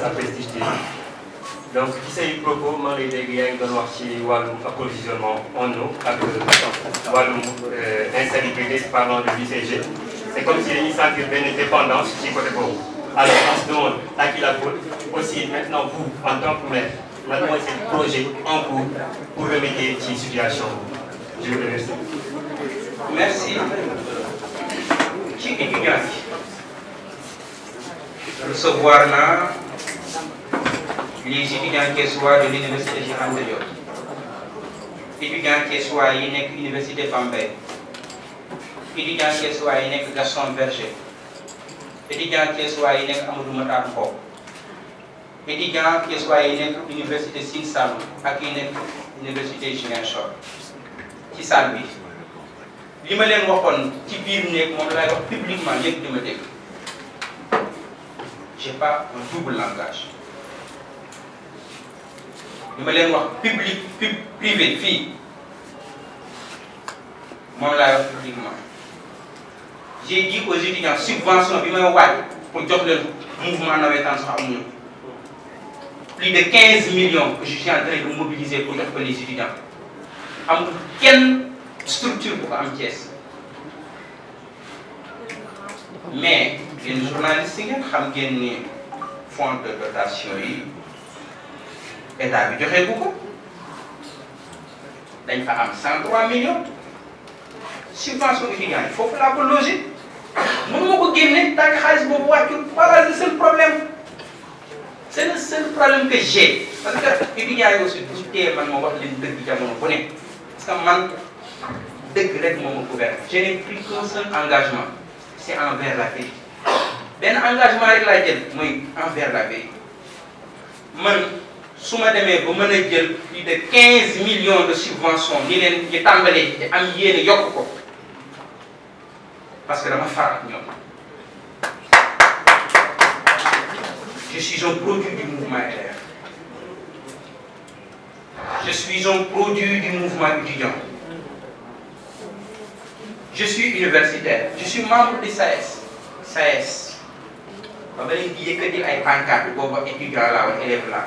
sa prestige donc c'est le propos moi, les lay de yaa ngi doon approvisionnement en eau ak euh, wàllum euh, insalubrité parlant de l'UCG c'est comme si dañuy sentir de dépendance ci côté vous. alors en ce moment, à qui la faute aussi maintenant vous en tant que maire maintenant, c'est le projet en cours pour remédier la situation je vous remercie. merci ci recevoir là les étudiants thiessois de l'université Cheikh Anta Diop étudiants thiessois yi nekk université Bambey étudiants thiessois yi nekk Gaston Berger étudiants thiessois yi nekk Amadou Mahtar Mbow étudiants thiessois yi nekk université Sine Saloum ak yi nekk université Ziguinchor ci salle bi li ma leen waxoon ci biir néeg moom laay wax publiquement ñëpp di ma un double langage li ma leen public pub privé fii moom laay wax publiquement j'ai dit aux étudiants subvention bi may waaj pour jox leen mouvement nawetaan sax amuñu plus de 15 millions que je suis en train de mobiliser pour jox ko les étudiants am kenn structure pour ko am mais les journalistes yi ngeen xam fonds de dotation état bi joxé ko dañ fa am 103 millions subvention étudiant yi foofu laa ko logé mënu ma ko génne tant que xaalis boobu wàccul voilà le seul problème c'est le seul problème que j'ai parce que étudiant yi aussi duñ téye man mo wax leen dëgg jamono bu né parce que man deug rek moma ma couvert je n'ai plus qu'un seul engagement c'est envers la vie. Ben engagement rek la jël moy envers la vie, man suma démé demee ba de jël plus de 15 millions de subventions ni leen ñu les te am yéene yokk ko parce que dama far ak je suis un produit du mouvement LR. je suis un produit du mouvement étudiant je suis universitaire je suis membre du SAES SAES ba bari leen di yëkkati ay pancarte bobu étudiant la woon élève laa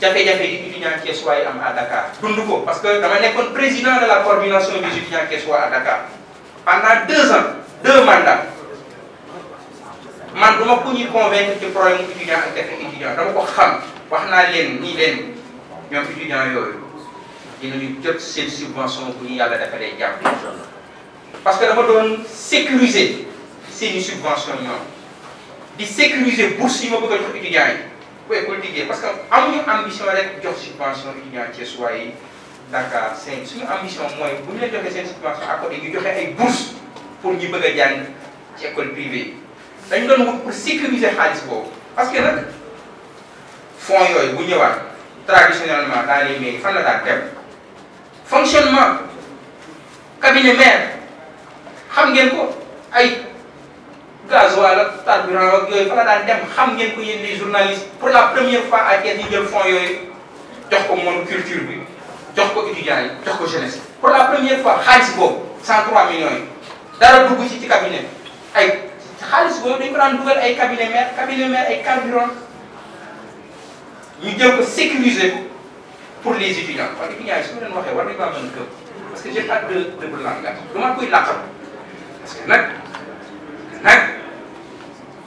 jafe-jafe yi étudiants Thiessois yi am à Dakar dund ko parce que dama nekkoon président de la coordination des étudiants Thiessois à Dakar pendant deux ans deux mandats man du ma ko ñuy convaincre ci problème mu étudiant ak jafe étudiant dama ko xam wax naa leen nii leen ñoom étudiants yooyu dinañu jot seen subvention bu ñu yàlla defalee jàpp parce que dama doon sécuriser seen i subvention ñoom di sécuriser bourse yi ma bëgg a jox étudiants yi koy ko liggéey parce que amuñu ambition rek jox subvention union Thiès waaye Dakar seen suñu ambition mooy bu ñu la joxee seen subvention à côté joxe ay bourse pour ñu bëgg a jàng ci école privée dañ doon wut pour sécuriser xaalis boobu parce que nag fonds yooyu bu ñëwaat traditionnellement dans les mairies fan la daan dem fonctionnement cabinet maire xam ngeen ko ay gasoil ak carburant ak yooyu fa la daan dem xam ngeen ko yéen les journalistes pour la première fois ak Thiès ñu jël fonds yooyu jox ko mon culture bi jox ko étudiants yi jox ko jeunesse pour la première fois xaliss bob 103 millions yi dara dugg ci ci cabinet ay xaliss bob dañ ko daan duggal ay cabinet maire cabinet maire ay carburant ñu jël ko sécuriser ko pour les étudiants parce que étudiants yi su leen waxee war nañu maa mën a parce que j'ai pas de de langage du ma koy làqal parce que nag.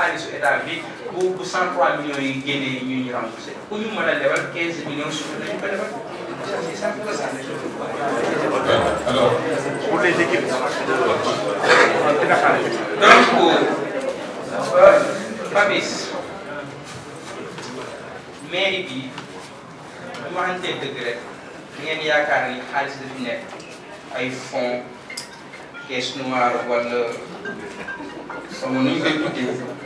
xaalisu état bi bu bu 103 millions yi génnee ñu ñu remboursé ku ñu mën a lebal 15 millions suuf nañu ko lebal. alors pour les équipes. donc Babis euh, mairie bi bu o xamante ne dëgg rek ngeen yaakaar ni que dafi nekk ay fonds caisse noire wala sama nu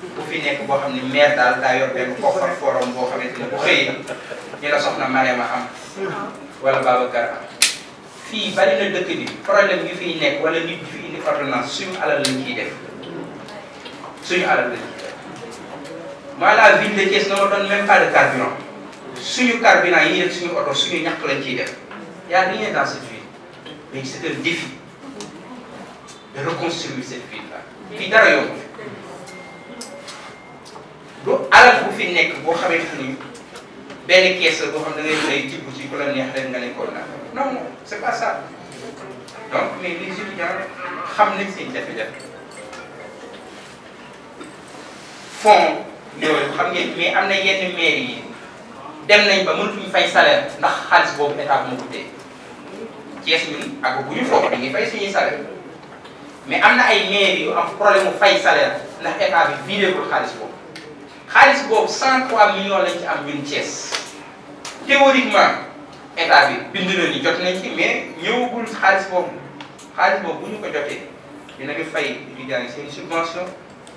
bu fi nekk boo xam ne maire daal daa yor benn koppar forum boo xamante ne bu xëyee ñu la soxna Mariama am wala Babacar am fii bari na dëkk bi problème yu fiy nekk wala nit ñi fi indi ordonnance suñu alal lañ ciy def suñu alal lañ ciy def moi la ville de Thiès ne ma donne même pas de carburant suñu carburant yi yëpp suñu oto suñu ñàkk lañ ciy def y a rien dans cette ville mais c'est un défi de reconstruire cette ville là fii dara yomb du alal bu fi nekk boo xamante ni benn kees la boo xam ne ngay xëy jibb ci ku la neex rek nga ne ko la non non c' est pas ça donc mais les étudiants xam nañ seen jafe-jafe fonds yooyu xam ngeen mais am na yenn mairie yi dem nañ ba mënatuñ fay salaire ndax xaalis boobu état moo ko téye Thiès ñun ak bu ñu foofu dañuy fay suñuy salaire mais am na ay mairie yu am problème mu fay salaire ndax état bi vidé ko xaalis boobu. xaalis boobu 103 millions lañ ci am ñun Thiès théoriquement état bi bind ni jot nañ ci mais ñëwagul xaalis boobu xaalis boobu bu ñu ko jotee dina ñu fay étudiants yi seen subvention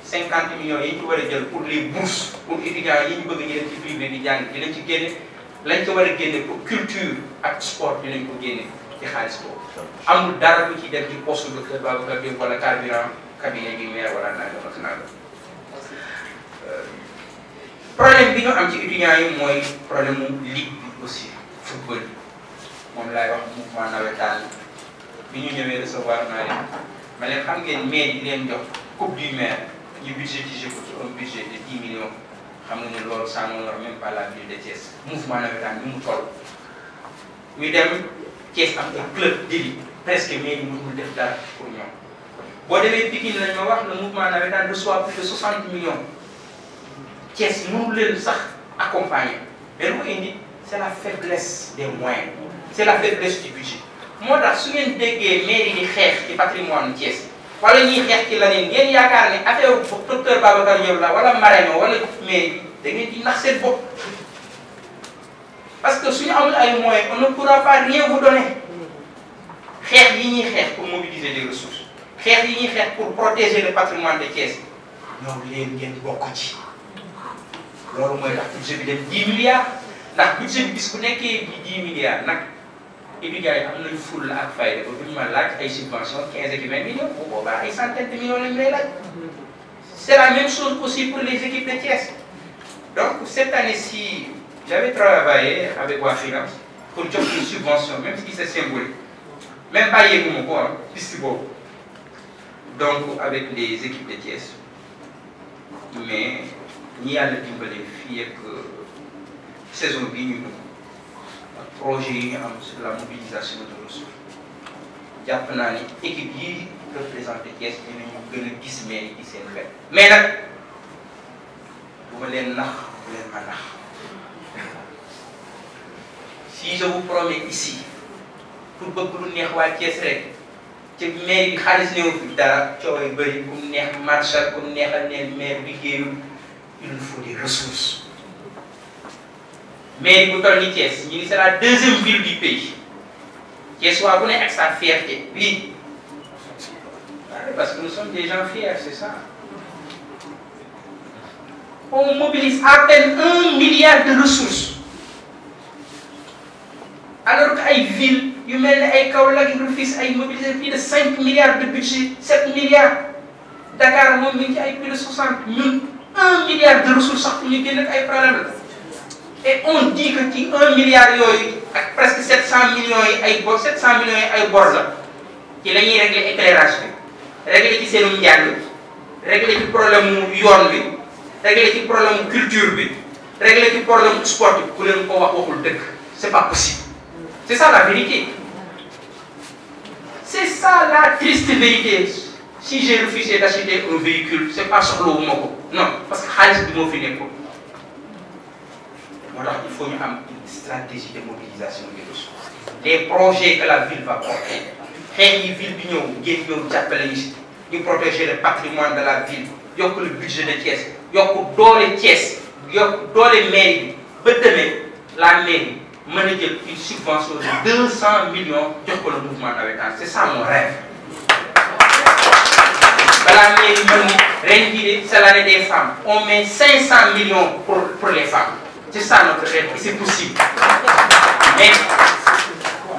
50 millions yi ñu ci war a jël pour les bourses pour étudiants yi ñu bëgg a jël ci privé bi jàng dinañ ci génne lañ ci war a génne pour culture ak sport dinañ ko génne ci xaalis boobu. amul dara lu ci dem ci poste de kër Babacar bi bi maire wala nangam ak problème bi ñu am ci étudiants yi mooy problème mu ligue bi aussi football moom laay wax mouvement nawetaan bi ñu ñëwee recevoir naa leen ma leen xam ngeen maire yi leen jox coupe du maire ñu budgétisé ko ci de dix millions xam nga loolu ça n'honore même pas la ville de Thiès mouvement nawetaan mu toll. ñu dem Thiès am ay club d'élite presque maire yi mënul def dara pour ñoom boo demee Pikine lañ ma wax le mouvement nawetaan reçoit plus de soixante millions. Thiès nous les sax accompagner mais nous on indi c'est la faiblesse des moyens c'est la faiblesse du budget Moi tax su ngeen déggee mairie di xeex ci patrimoine Thiès wala ñuy xeex ci leneen ngeen yaakaar ni affaire docteur Babacar Diop voilà wala Marème wala mairie da ngeen di nax seen parce que suñu a ay moyens on ne pourra pas rien vous donner xeex yi ñuy pour mobiliser les ressources xeex yi ñuy pour protéger le patrimoine de Thiès ñoom leen ngeen bokk ci loolu mooy tax budget bi dem 10 milliards ndax budget bi bis bu nekkee bi 10 milliards nag étudiants yi am nañu full ak fayda ba bu ñu ma laaj ay subventions 15 ak 20 millions bu boobaa ay centaine de millions lañ lay laaj. c' la même chose aussi pour les équipes de Thiès donc cette année-ci j'avais travaillé avec waa finance pour jox une subvention même si c'est symbolique même pas ma ko ah hein, piste boobu donc avec les équipes de Thiès mais. Nous avons dimbale fii euh, saison de projet la mobilisation de ressources naa ni équipe yi représenté ont gën mais qui seen mais si je vous promets ici pour que vous neex waa pas rek ci maire xaalis fi dara il nous faut des ressources Mais pour Thiès c'est la deuxième ville du pays qui est ku une fierté ah oui parce que nous sommes des gens fiers c'est ça on mobilise à peine un milliard de ressources alors que ville, il y a ne ay qui Rufisque a mobilisé plus de 5 milliards de budget 7 milliards Dakar on a plus de 60 000. un milliard de ressources sax pour ñu génn ay problème la et on dit que ci un milliard yooyu ak presque sept cent millions yi ay bor sept cent millions yi ay bor la ci la ñuy régler éclairage bi régler ci seenum njàng régler ci problème mu yoon bi régler ci problème culture bi régler ci problème sport bi ku leen ko wax waxul dëkk c'est pas possible c'est ça la vérité c'est ça la triste vérité si j'ai refusé d'acheter un véhicule c'est pas soxlawuma ko non parce que xaalis bi fi il faut une stratégie de mobilisation des ressources les projets que la ville va porter xeex yi ville protéger le patrimoine de la ville yokk le budget de Thiès pièce, les Thiès yokk dans mairie bi ba demain, la mairie il une subvention de 200 millions pour le mouvement navétane c'est ça mon rêve balaa ngeen des femmes on met 500 millions pour pour les femmes C'est ça notre rêve c'est possible mais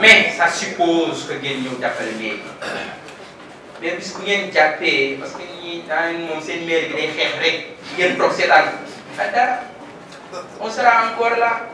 mais ça suppose que ngeen ñëw jàppale mairie bi mais bis bu parce que dans daan moom seen mairie bi day xeex rek ngeen on sera encore là.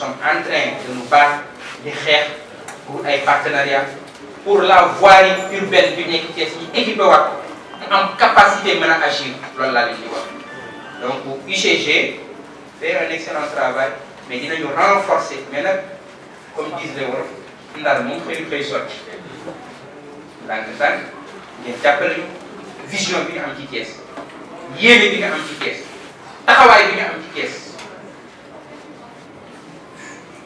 sommes en train de nous battre di xeex pour ay partenariat pour la voirie urbaine du nekk qui est équipé waat en capacité maintenant a agir dans la leen donc UCG fait un excellent travail mais dinañu renforcer renforcé maintenant, comme disent les Wolof ndar moom montré une sotti ndànk ndànk il jàppale appelé vision de nga Il ci Thiès yéene bi Il am ci Thiès taxawaay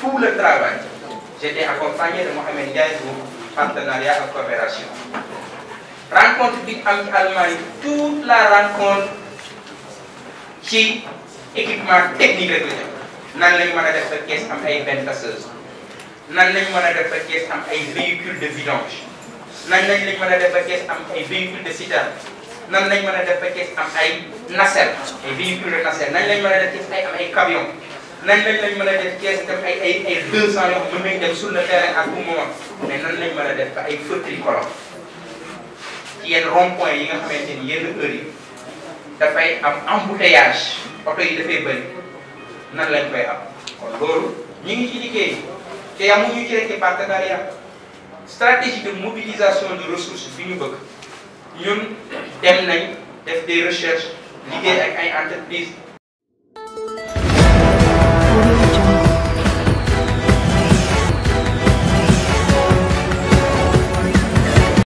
tout le travail. J'étais accompagné de Mohamed Diazou, partenariat et coopération. Rencontre avec Ami toute la rencontre qui équipement technique rek la nan lañ mën a def ba am ay tasseuse nan lañ mën def ba caisse am ay véhicule de vidange nan lañ lañ mën à def ba caisse am ay véhicule de citerne nan lañ mën def ba caisse am ay nacelle ay véhicule de nacelle nan lañ def ay am camion nan lañ lañ mën a def kees itam ay ay ay 200 yoo xam mën nañ dem sur le terrain à tout moment mais nan lañ mën a def ba ay feux tricolores ci yenn rond-point yi nga xamante ni yenn heures yi dafay am embouteillage oto yi dafay bëri nan lañ koy am kon loolu ñu ngi ci liggéey te yamuñu ci rek ci partenariat stratégie de mobilisation de ressources bi ñu bëgg ñun dem nañ def des recherches liggéey ak ay entreprises.